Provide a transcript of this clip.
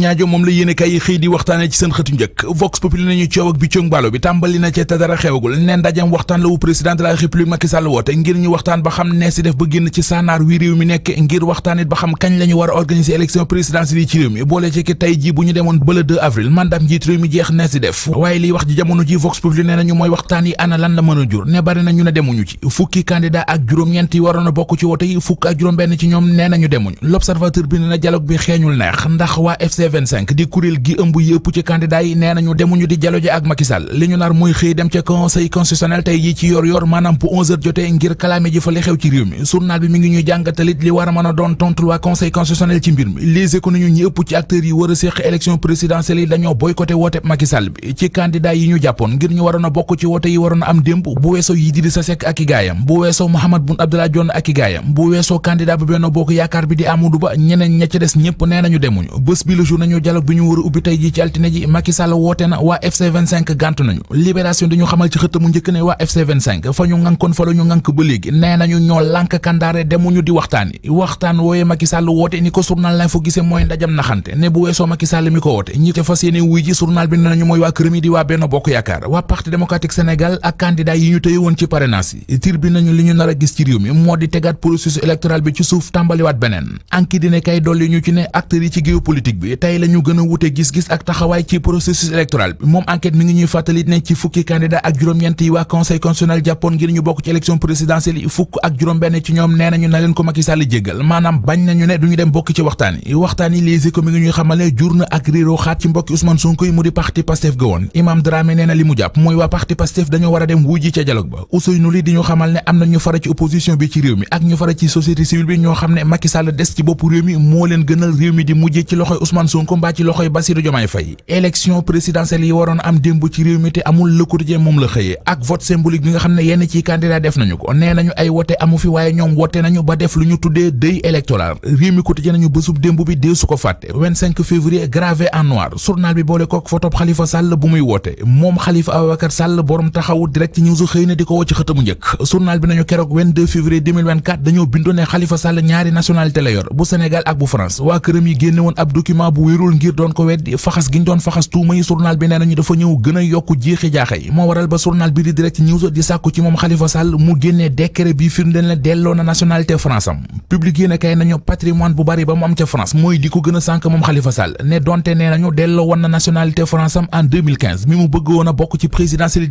ñaajo moom la yéene kay xëy di waxtaane ci seen xëtu njëkk vox populi nañu coow bi tàmbali na ci te ci saanaar wi réew mi nekk ngir waxtaan ba xam kañ la war a organiser élection présidentielle ci réew mi boole ci ki tey ji bu ñu demoon ba avril mandaam njiit réew mi jeex ne si def waaye liy wax ji jamono ji vox populi nee nañu mooy waxtaan yi ana mën a jur ne bari nañu ne demuñu ci fukki candidat ak juróom-ñeent waroon a G25 di kuréel gi ëmb yi ëpp ci candidat yi nee nañu demuñu di jalo ji ak Macky li ñu nar mooy xëy dem ca conseil constitutionnel tey yi ci yor yor maanaam bu jotee ngir kalaame ji fa xew ci réew mi journal bi mi ngi ñuy jàngatalit li war a mën a doon tontul waa conseil constitutionnel ci mbir mi les économies ñi ëpp ci acteurs yi war a séq élection présidentielle yi dañoo boycotté woote Macky bi ci candidat yi ñu jàppoon ngir ñu waroon a bokk ci woote yi waroon nañu dialogue bi ñu war ubbi tey ji ci altine ji Macky Sall woote na waa FC 25 gàntu nañu libération di ñu xamal ci xëtt mu njëkk ne waa FC 25 fa ñu ngànkoon fa la ñu ngànk ba léegi nee nañu ñoo lànk kandaare demuñu di waxtaani waxtaan wooyee Macky Sall woote ni ko journal lañ fo gisee mooy ndajam naxante ne bu weesoo Macky mi ko woote ñi te fas yéene wuy ji bi nee nañu mooy waa kërëm yi di waa Benno Bokk Yaakaar waa Parti démocratique Sénégal woon ci parrainage yi ñu nar a gis ci réew mi moo di tegaat processus électoral bi ci suuf tàmbaliwaat beneen anki ne acteurs yi ci géopolitique bi tey la ñu gën a wute gis-gis ak taxawaay ci processus électoral moom enquête mi ngi ñuy fàttali ne ci fukki candidat ak juróom-ñeent yi waa conseil constitutionnel jàppoon ngir ñu bokk ci élection présidentielle yi fukk ak juróom-benn ci ñoom nee nañu na leen ko Macky Sall jéggal maanaam bañ nañu ne duñu dem bokk ci waxtaan yi waxtaan yi Les Échos mi ngi ñuy xamale jur na ak réeroo xaat ci mbokki Ousmane Sonko mu di parti Pastef ga woon Imam Dramé na li a dem wujji bi ci réew Sonko mbaa ci loxoy Bassirou Diomaye Faye élection présidentielle yi waroon am démb ci réew mi te amul Le Quotidien moom la xëyee ak vote symbolique bi nga xam ne yenn ci candidat def nañu ko nee nañu ay wote amu fi waaye ñoom wote nañu ba def lu ñu tuddee deuil électoral réew mi Quotidien nañu bésub démb bi dee su ko fàtte 25 février gravé en noir journal bi boole kook fotob Khalifa Sall bu muy woote moom Khalifa Ababacar Sall borom taxawu direct ci news xëy na di ko woo ci xëtamu njëkk journal bi nañu keroog 22 février 2024 dañoo bindoon bu wérul ngir doon ko weddi faxas gi ñu doon faxas tuuma yi bi nee nañu dafa ñëw gën yokk jeexi jaaxa moo waral ba journal bi di direct news di sàkku ci moom Khalifa Sall mu génnee décret bi firndeel na delloo na nationalité France am public yéen kay nañu patrimoine bu bari ba mu am ca France mooy di ko gën a moom Khalifa Sall ne donte nee nañu delloo woon na nationalité France am en 2015 mi mu bëgg bokk ci présidentielle